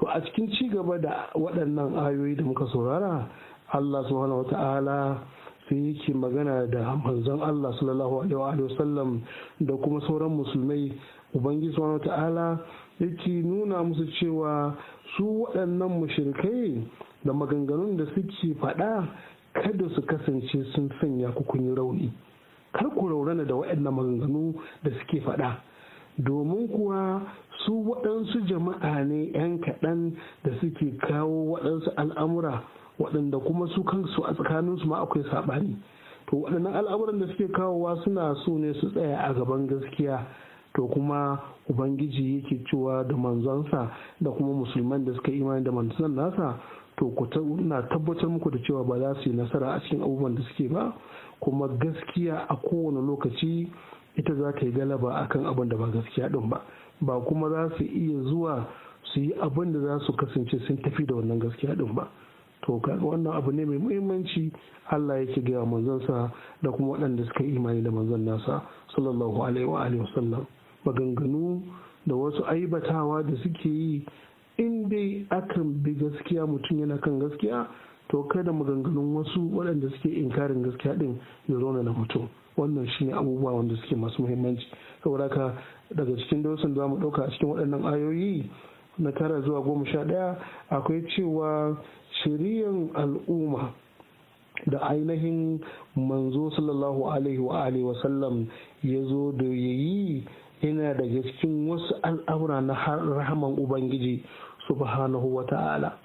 to a cikin ci gaba da waɗannan ayoyi da muka saurara Allah subhanahu ta'ala sai yake magana da manzon Allah sallallahu alaihi wa sallam da kuma sauran musulmai ubangiji subhanahu ta'ala yake nuna musu cewa su waɗannan mushrikai da maganganun da suke faɗa kada su kasance sun sanya ku yi rauni kar ku raurana da waɗannan maganganu da suke faɗa domin kuwa su waɗansu jama'a ne 'yan kaɗan da suke kawo waɗansu al'amura waɗanda kuma su kansu a tsakaninsu ma akwai saɓani to waɗannan al'amuran da suke kawowa suna so ne su tsaya a gaban gaskiya to kuma ubangiji yake cewa da manzonsa da kuma musulman da suka imani da manzon nasa to ku na tabbatar muku da cewa ba za su yi nasara a cikin abubuwan da suke ba kuma gaskiya a kowane lokaci ita za ta yi galaba akan abin da ba gaskiya din ba ba kuma za su iya zuwa su yi abin da za su kasance sun tafi da wannan gaskiya din ba to wannan abu ne mai muhimmanci Allah yake gaya sa da kuma waɗanda suka yi imani da manzon nasa sallallahu alaihi wa alihi wasallam maganganu da wasu aibatawa da suke yi in dai akan bi gaskiya mutum yana kan gaskiya to kada maganganun wasu waɗanda suke inkarin gaskiya din ya zo na mutum wannan shine abubuwa wanda suke masu muhimmanci saboda ka daga cikin dosin za mu ɗauka a cikin waɗannan ayoyi na tara zuwa goma sha ɗaya akwai cewa shiriyan al'umma da ainihin manzo sallallahu alaihi wa alihi wasallam ya zo da yayi yana daga cikin wasu al'amura na rahaman ubangiji subhanahu wa ta'ala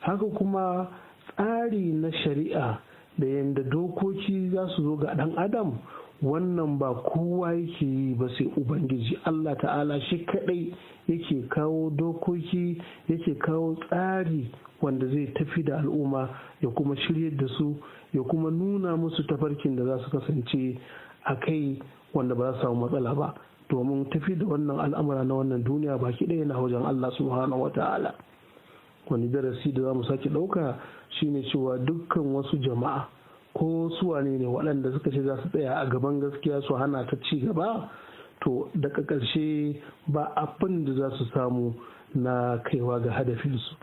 haka kuma tsari na shari'a da yadda dokoki za su zo ga ɗan adam wannan ba kowa yake yi ba sai ubangiji allah ta'ala shi kadai yake kawo dokoki yake kawo tsari wanda zai tafi da al'umma ya kuma shiryar da su ya kuma nuna musu tafarkin da za su kasance a kai wanda ba za su samu matsala ba domin tafi da wannan al'amura na wannan duniya baki ɗaya na wajen allah subhanahu wa ta'ala wani darasi da za mu sake ɗauka shine cewa dukkan wasu jama'a ko su wane ne waɗanda suka ce za su tsaya a gaban gaskiya su hana ta ci gaba to daga ƙarshe ba abin da za su samu na kaiwa ga hadafinsu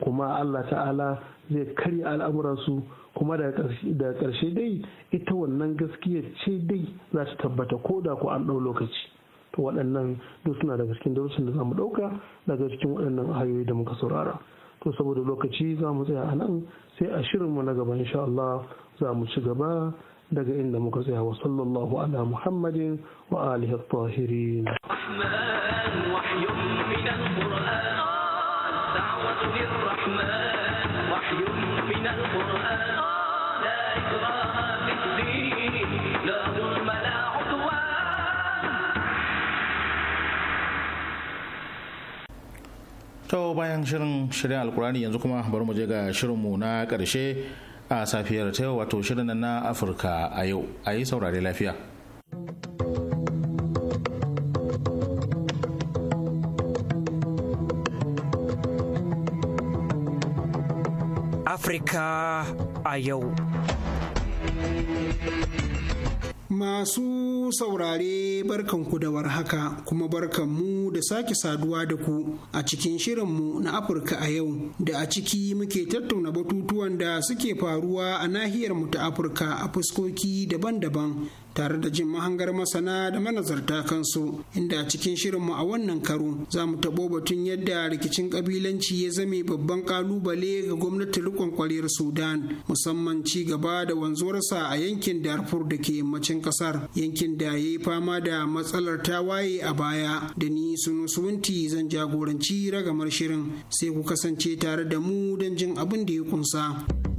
kuma allah ta'ala zai karya al'amuransu kuma da ƙarshe dai ita wannan gaskiya ce dai za su tabbata ko da ku an ɗau lokaci to waɗannan duk suna daga cikin darussan da za mu ɗauka daga cikin waɗannan ayoyi da muka saurara to saboda lokaci za mu tsaya a nan sai a shirinmu na gaba insha Allah za mu ci gaba daga inda muka tsaya wa sallallahu ala muhammadin wa alihi tahirin To bayan shirin shirin alkurani yanzu kuma bari mu je ga shirinmu na ƙarshe a safiyar ta yau wato shirin na afirka a yau a yi saurare lafiya afirka a yau Masu saurare barkanku da warhaka kuma barkanmu da sake saduwa da ku a cikin shirinmu na Afirka a yau da a ciki muke tattauna batutuwan da suke faruwa a nahiyarmu ta Afirka a fuskoki daban-daban tare da jin mahangar masana da manazarta kansu inda a cikin shirinmu a wannan karo za mu taɓo batun yadda rikicin kabilanci ya zame babban kalubale ga gwamnatin riƙon kwaliyar sudan musamman ci gaba da wanzuwarsa a yankin darfur da ke yammacin kasar yankin da ya yi fama da matsalar ta waye a baya da ni sun suwunti zan jagoranci ragamar shirin sai ku kasance tare da mu don jin abin da ya kunsa.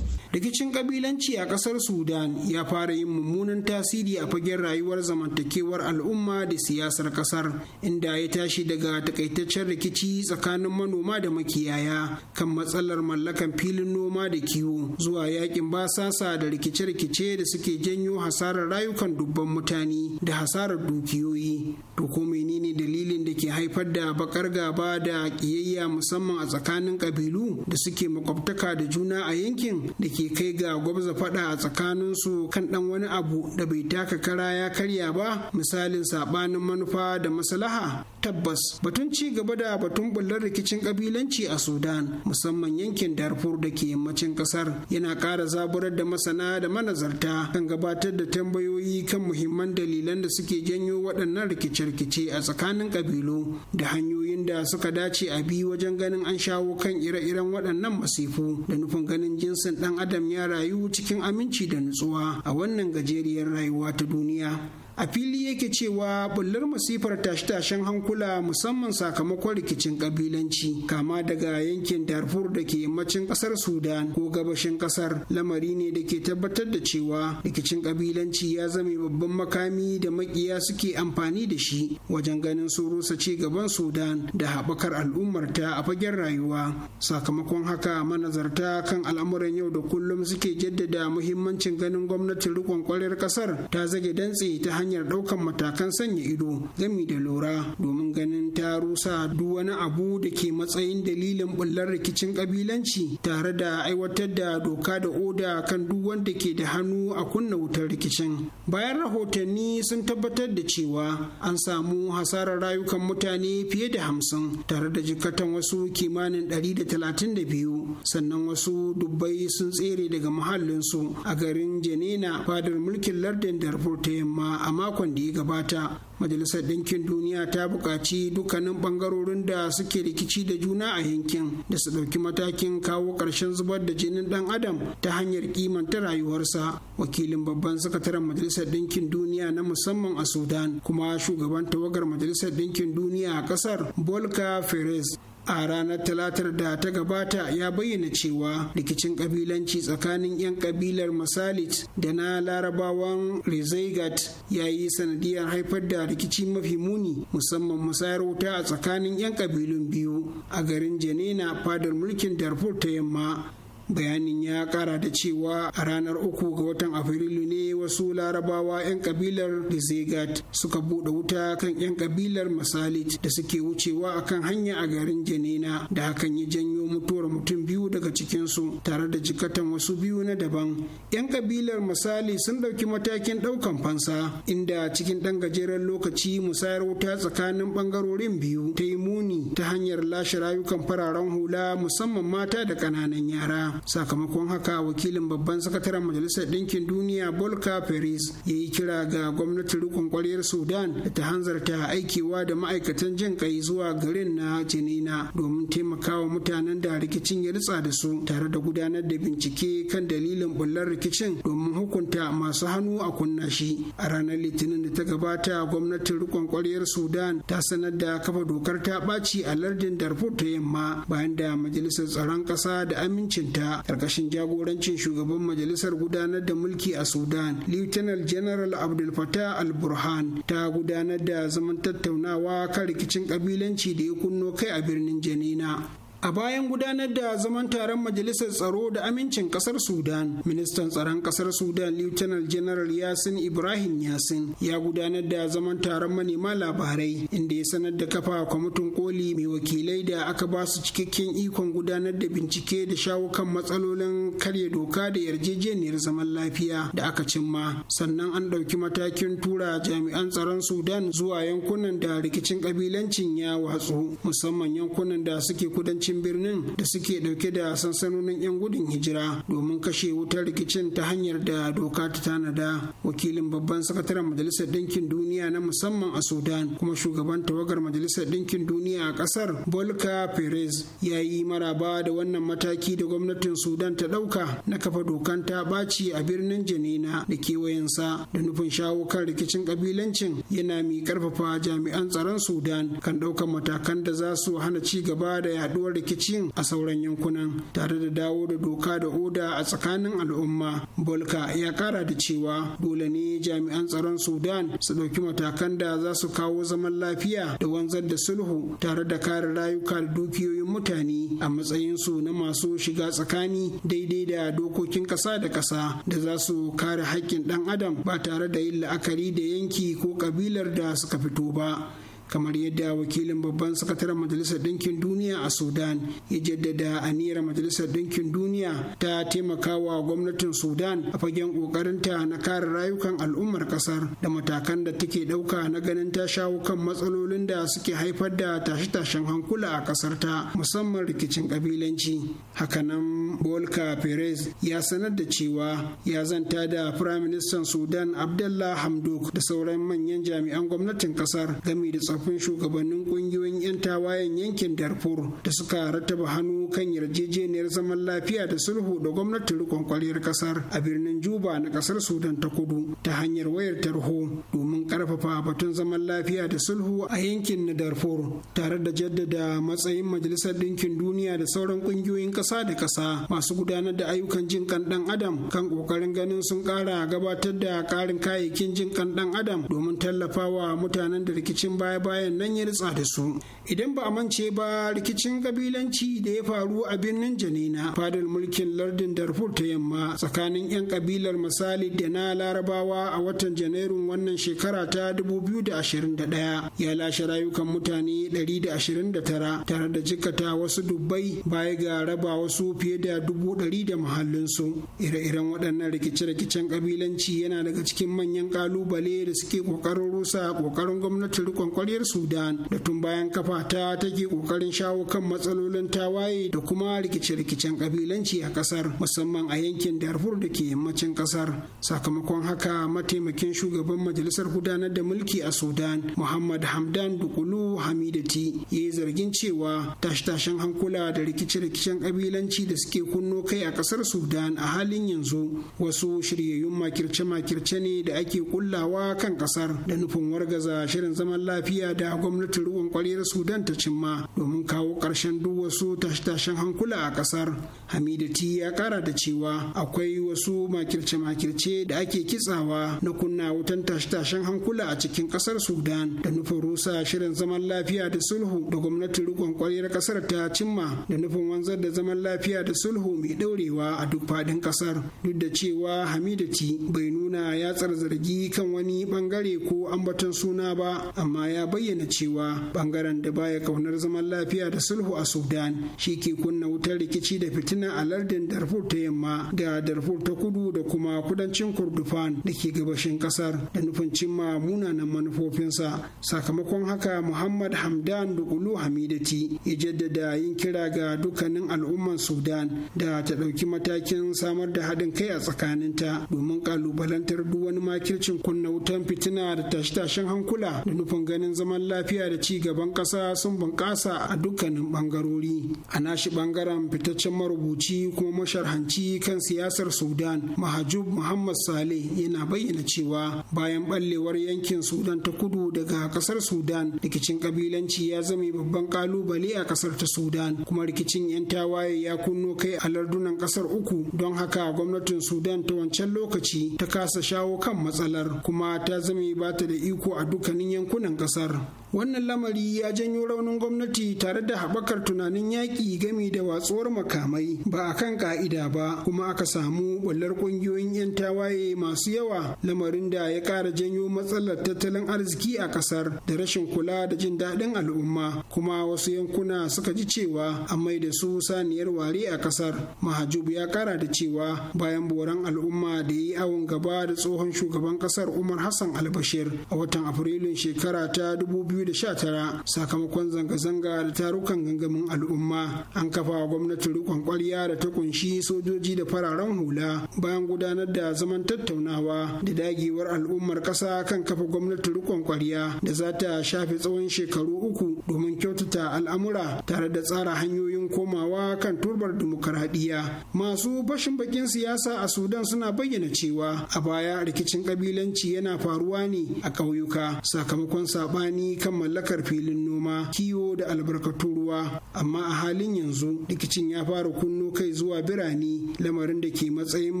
rikicin kabilanci a kasar sudan ya fara yin mummunan tasiri a fagen rayuwar zamantakewar al'umma da siyasar kasar inda ya tashi daga takaitaccen rikici tsakanin manoma da makiyaya kan matsalar mallakan filin noma da kiwo zuwa yakin basasa da rikice-rikice da suke janyo hasarar rayukan dubban mutane da hasarar dukiyoyi to ko menene dalilin da ke haifar da bakar gaba da ƙiyayya musamman a tsakanin kabilu da suke makwabtaka da juna a yankin da ke kai ga gwabza faɗa a tsakanin su kan ɗan wani abu da bai taka kara ya karya ba misalin saɓanin manufa da masalaha. tabbas batun ci gaba da batun bullar rikicin kabilanci a sudan musamman yankin darfur da ke yammacin kasar yana ƙara zaburar da masana da manazarta kan gabatar da tambayoyi kan muhimman dalilan da suke janyo waɗannan rikice-rikice a tsakanin kabilu da hanyoyin da suka dace a bi wajen ganin an shawo kan ire-iren waɗannan masifu da nufin ganin jinsin ɗan adam adam ya rayu cikin aminci da nutsuwa a wannan gajeriyar rayuwa ta duniya a fili yake cewa bullar masifar tashe-tashen hankula musamman sakamakon rikicin kabilanci kama daga yankin darfur da ke yammacin kasar sudan ko gabashin kasar lamari ne da ke tabbatar da cewa rikicin kabilanci ya zame babban makami da makiya suke amfani da shi wajen ganin su rusa ci gaban sudan da haɓakar al'ummarta a fagen rayuwa sakamakon haka manazarta kan al'amuran yau da kullum suke jaddada muhimmancin ganin gwamnatin rikon kwarar kasar ta zage dantse ta hanyar ɗaukan matakan sanya ido gami da lura domin ganin ta rusa duk wani abu da ke matsayin dalilin bullar rikicin kabilanci tare da aiwatar da doka da oda kan duk wanda ke da hannu a kunna wutar rikicin bayan rahotanni sun tabbatar da cewa an samu hasarar rayukan mutane fiye da hamsin tare da jikatan wasu kimanin ɗari da da talatin biyu sannan wasu dubbai sun tsere daga muhallinsu a garin janena fadar mulkin lardin darfur ta yamma a makon da ya gabata majalisar ɗinkin duniya ta buƙaci dukkanin ɓangarorin da suke rikici da juna a yankin da su ɗauki matakin kawo ƙarshen zubar da jinin ɗan adam ta hanyar kimanta rayuwarsa wakilin babban sakataren majalisar ɗinkin duniya na musamman a sudan kuma shugaban tawagar majalisar ɗinkin duniya a ƙasar bolka ferez a ranar talatar da ta gabata ya bayyana cewa rikicin kabilanci tsakanin 'yan kabilar masalit da na larabawan rezaigat ya yi sanadiyar haifar da rikici mafi muni musamman musayar wuta a tsakanin 'yan kabilun biyu a garin janena fadar mulkin darfur ta yamma bayanin ya kara da cewa a ranar uku ga watan afrilu ne wasu larabawa 'yan kabilar zegat suka bude wuta kan 'yan kabilar masalit da suke wucewa akan hanya a garin janena da hakan ya janyo mutuwar mutum biyu daga cikinsu tare da jikatan wasu biyu na daban 'yan kabilar masali sun ɗauki matakin ɗaukan fansa inda cikin ɗan gajeren lokaci musayar wuta tsakanin ɓangarorin biyu ta yi muni ta hanyar lashe rayukan fararen hula musamman mata da ƙananan yara sakamakon haka wakilin babban sakataren majalisar ɗinkin duniya bolka peris ya yi kira ga gwamnatin rikon kwaryar sudan da ta hanzarta aikewa da ma'aikatan jin kai zuwa garin na jinina domin taimakawa mutanen da rikicin ya ritsa da su tare da gudanar da bincike kan dalilin bullar rikicin domin hukunta masu hannu a kunna shi a ranar litinin da ta gabata gwamnatin rikon kwaryar sudan ta sanar da kafa dokar ta ɓaci a lardin darfur ta yamma bayan da majalisar tsaron ƙasa da amincinta ɗaya ƙarƙashin jagorancin shugaban majalisar gudanar da mulki a Sudan, Lieutenant General Abdul Fatah al-Burhan ta gudanar da zaman tattaunawa kan rikicin ƙabilanci da ya kunno kai a birnin Janina. A bayan gudanar da zaman taron Majalisar Tsaro da Amincin Kasar Sudan, Ministan Tsaron Kasar Sudan Lieutenant General Yasin Ibrahim Yasin ya gudanar da zaman taron manema labarai inda ya sanar da kafa kwamitin koli mai wakilai da aka ba su cikakken ikon gudanar da bincike da shawo kan matsalolin karya doka da yarjejeniyar zaman lafiya da aka cimma. Sannan an ɗauki matakin tura jami'an tsaron Sudan zuwa yankunan da rikicin ƙabilancin ya watsu musamman yankunan da suke kudancin cikin birnin da suke dauke da sansanonin 'yan gudun hijira domin kashe wutar rikicin ta hanyar da doka ta tanada wakilin babban sakataren majalisar dinkin duniya na musamman a sudan kuma shugaban tawagar majalisar dinkin duniya a kasar bolka perez ya yi maraba da wannan mataki da gwamnatin sudan ta dauka na kafa dokan ta ɓaci a birnin janina da kewayensa da nufin shawo kan rikicin kabilancin yana mai karfafa jami'an tsaron sudan kan daukan matakan da za su hana ci gaba da yaduwar rikicin a sauran yankunan tare da dawo da doka da oda a tsakanin al'umma bolka ya kara da cewa dole ne jami'an tsaron sudan su ɗauki matakan da za su kawo zaman lafiya da wanzar da sulhu tare da kare rayuka da dukiyoyin mutane a matsayinsu na masu shiga tsakani daidai da dokokin ƙasa da ƙasa da za su kare haƙƙin ɗan adam ba tare da yin la'akari da yanki ko ƙabilar da suka fito ba kamar yadda wakilin babban sakataren majalisar Dinkin duniya a sudan ya jaddada aniyar majalisar Dinkin duniya ta taimakawa gwamnatin sudan a fagen ƙoƙarinta na kare rayukan al'ummar ƙasar da matakan da take ɗauka na ganin ta shawo kan matsalolin da suke haifar da tashe-tashen hankula a ƙasar ta musamman rikicin ƙabilanci hakanan bolka perez ya sanar da cewa ya zanta da firaministan sudan abdallah hamdok da sauran manyan jami'an gwamnatin ƙasar game da Kafin shugabannin kungiyoyin 'yan tawayen yankin darfur da suka rattaba hannu kan yarjejeniyar zaman lafiya da sulhu da gwamnatin rikon kwaliyar kasar a birnin juba na kasar sudan ta kudu ta hanyar wayar tarho domin karfafa batun zaman lafiya da sulhu a yankin na darfur tare da jaddada matsayin majalisar ɗinkin duniya da sauran kungiyoyin ƙasa da ƙasa masu gudanar da ayyukan jin kan ɗan adam kan ƙoƙarin ganin sun ƙara gabatar da ƙarin kayayyakin jin kan ɗan adam domin tallafawa mutanen da rikicin baya bayan nan ya ritsa da su idan ba a mance ba rikicin kabilanci da ya faru a birnin janina fadar mulkin lardin darfur ta yamma tsakanin 'yan kabilar misali da na larabawa a watan janairun wannan shekara ta 2021 ya lashe rayukan mutane 129 tare da jikata wasu dubbai baya ga raba wasu fiye da dubu ɗari da muhallinsu ire-iren waɗannan rikice-rikicen kabilanci yana daga cikin manyan ƙalubale da suke ƙoƙarin rusa ƙoƙarin gwamnatin riƙon jamhuriyar sudan da tun bayan kafa ta take kokarin shawo kan matsalolin tawaye da kuma rikice-rikicen kabilanci a kasar musamman a yankin darfur da ke yammacin kasar sakamakon haka mataimakin shugaban majalisar gudanar da mulki a sudan muhammad hamdan dukulu hamidati ya yi zargin cewa tashe-tashen hankula da rikice-rikicen kabilanci da suke kunno kai a kasar sudan a halin yanzu wasu shiryayyun makirce-makirce ne da ake kullawa kan kasar da nufin wargaza shirin zaman lafiya tarayya da gwamnatin ruwan kwaryar sudan ta cimma domin kawo ƙarshen duk wasu tashe-tashen hankula a ƙasar hamidati ya ƙara da cewa akwai wasu makirce-makirce da ake kitsawa na kunna wutan tashe-tashen hankula a cikin ƙasar sudan da nufin rusa shirin zaman lafiya da sulhu da gwamnatin riƙon ƙwaryar ƙasar ta cimma da nufin wanzar da zaman lafiya da sulhu mai ɗorewa a duk faɗin ƙasar duk da cewa hamidati bai nuna yatsar zargi kan wani ɓangare ko ambaton suna ba amma ya bayyana cewa bangaren da baya kaunar zaman lafiya da sulhu a Sudan shi ke kunna wutar rikici da fitina a lardin Darfur ta yamma da Darfur ta kudu da kuma kudancin Kurdufan da ke gabashin kasar da nufin cimma munanan manufofinsa sakamakon haka Muhammad Hamdan Dukulu Hamidati ya jaddada yin kira ga dukkanin al'umman Sudan da ta ɗauki matakin samar da haɗin kai a tsakaninta domin ƙalubalantar duk wani makircin kunna wutan fitina da tashe-tashen hankula da nufin ganin zaman lafiya da ci gaban ƙasa sun bunƙasa a dukkanin ɓangarori a nashi ɓangaren fitaccen marubuci kuma masharhanci kan siyasar sudan mahajub muhammad saleh yana bayyana cewa bayan ɓallewar yankin sudan ta kudu daga ƙasar sudan rikicin ƙabilanci ya zame babban ƙalubale a ƙasar ta sudan kuma rikicin 'yan tawaye ya kunno kai a lardunan ƙasar uku don haka gwamnatin sudan ta wancan lokaci ta kasa shawo kan matsalar kuma ta zame bata da iko a dukkanin yankunan ƙasar 4. wannan lamari ya janyo raunin gwamnati tare da haɓakar tunanin yaƙi gami da watsuwar makamai ba a kan ƙa'ida ba kuma aka samu ɓullar ƙungiyoyin 'yan tawaye masu yawa lamarin da ya ƙara janyo matsalar tattalin arziki a ƙasar da rashin kula da jin daɗin al'umma kuma wasu yankuna suka ji cewa an mai da su saniyar ware a ƙasar mahajub ya ƙara da cewa bayan boran al'umma da ya yi awon gaba da tsohon shugaban ƙasar umar hassan albashir a watan afrilun shekara ta dubu biyu 2019 sakamakon zanga-zanga da tarukan gangamin al'umma an kafa wa gwamnati rikon kwarya da ta kunshi sojoji da fararen hula bayan gudanar da zaman tattaunawa da dagewar al'ummar ƙasa kan kafa gwamnati rikon kwarya da za ta shafe tsawon shekaru uku domin kyautata al'amura tare da tsara hanyoyin komawa kan turbar dimokuraɗiyya masu fashin bakin siyasa a sudan suna bayyana cewa a baya rikicin ƙabilanci yana faruwa ne a ƙauyuka sakamakon saɓani kan mallakar filin noma kiwo da albarkatun ruwa amma a halin yanzu rikicin ya fara kunno kai zuwa birane lamarin da ke matsayin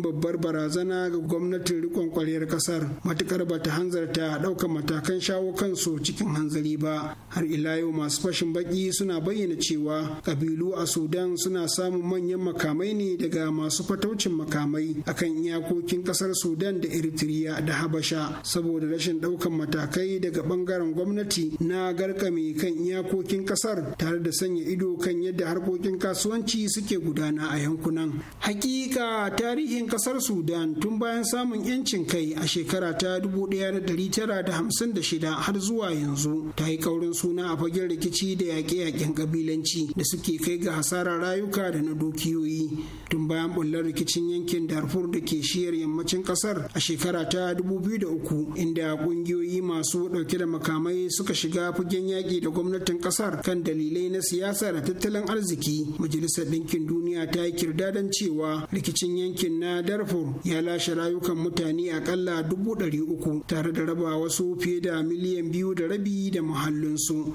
babbar barazana ga gwamnatin rikon kwaryar kasar matukar bata hanzarta ɗaukar matakan shawo kansu cikin hanzari ba har ila yau masu fashin baki suna bayyana cewa kabilu a sudan suna samun manyan makamai ne daga masu fataucin makamai akan iyakokin kasar sudan da eritrea da habasha saboda rashin ɗaukar matakai daga ɓangaren gwamnati na garkame kan iyakokin kasar tare da sanya ido kan yadda harkokin kasuwanci suke gudana a yankunan hakika tarihin kasar sudan tun bayan samun yancin kai a shekara ta 1956 har zuwa yanzu ta yi kaurin suna a fagen rikici da yaƙe-yaƙen kabilanci da suke kai ga hasarar rayuka da na dukiyoyi tun bayan bullar rikicin yankin darfur da ke shiyar yammacin kasar a shekara ta 2003 inda ƙungiyoyi masu ɗauke da makamai suka shiga fagen yaƙi da gwamnatin ƙasar kan dalilai na siyasa da tattalin arziki majalisar ɗinkin duniya ta yi kirdadan cewa rikicin yankin na darfur ya lashe rayukan mutane akalla dubu ɗari uku tare da raba wasu fiye da miliyan biyu da rabi da muhallinsu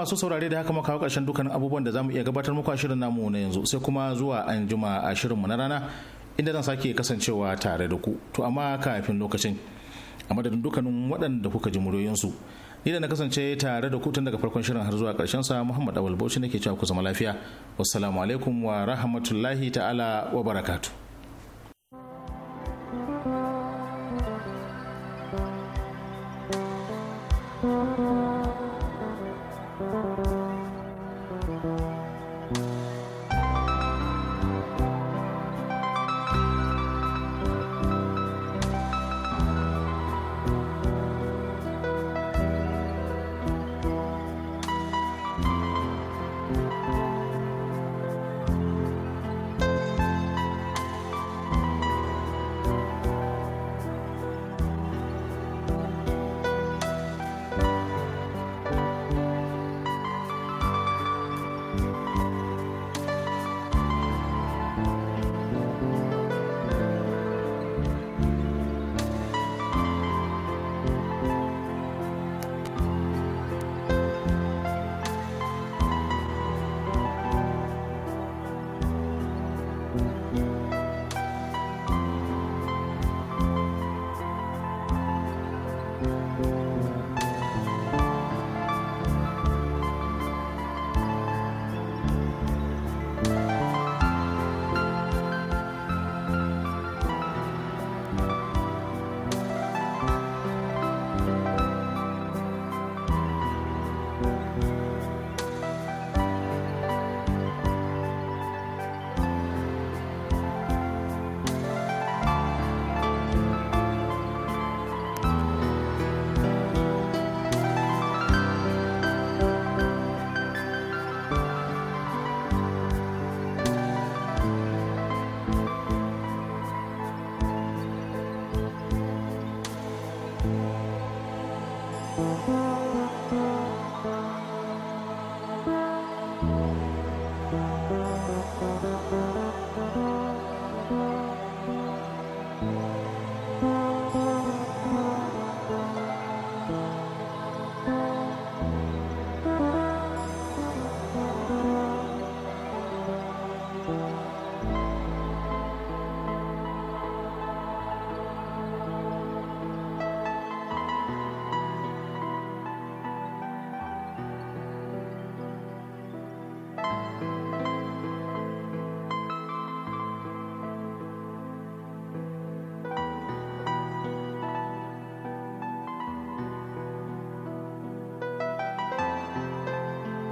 masu saurare da haka makawa karshen dukkanin abubuwan da zamu iya gabatar muku a shirin namu na yanzu sai kuma zuwa an juma a shirinmu na rana inda zan sake kasancewa tare da ku to amma kafin lokacin a madadin dukkanin waɗanda kuka ji muryoyinsu ni da na kasance tare da ku tun daga farkon shirin har zuwa karshen sa Muhammad Awal Bauchi nake cewa ku zama lafiya wassalamu alaikum wa rahmatullahi ta'ala wa barakatu.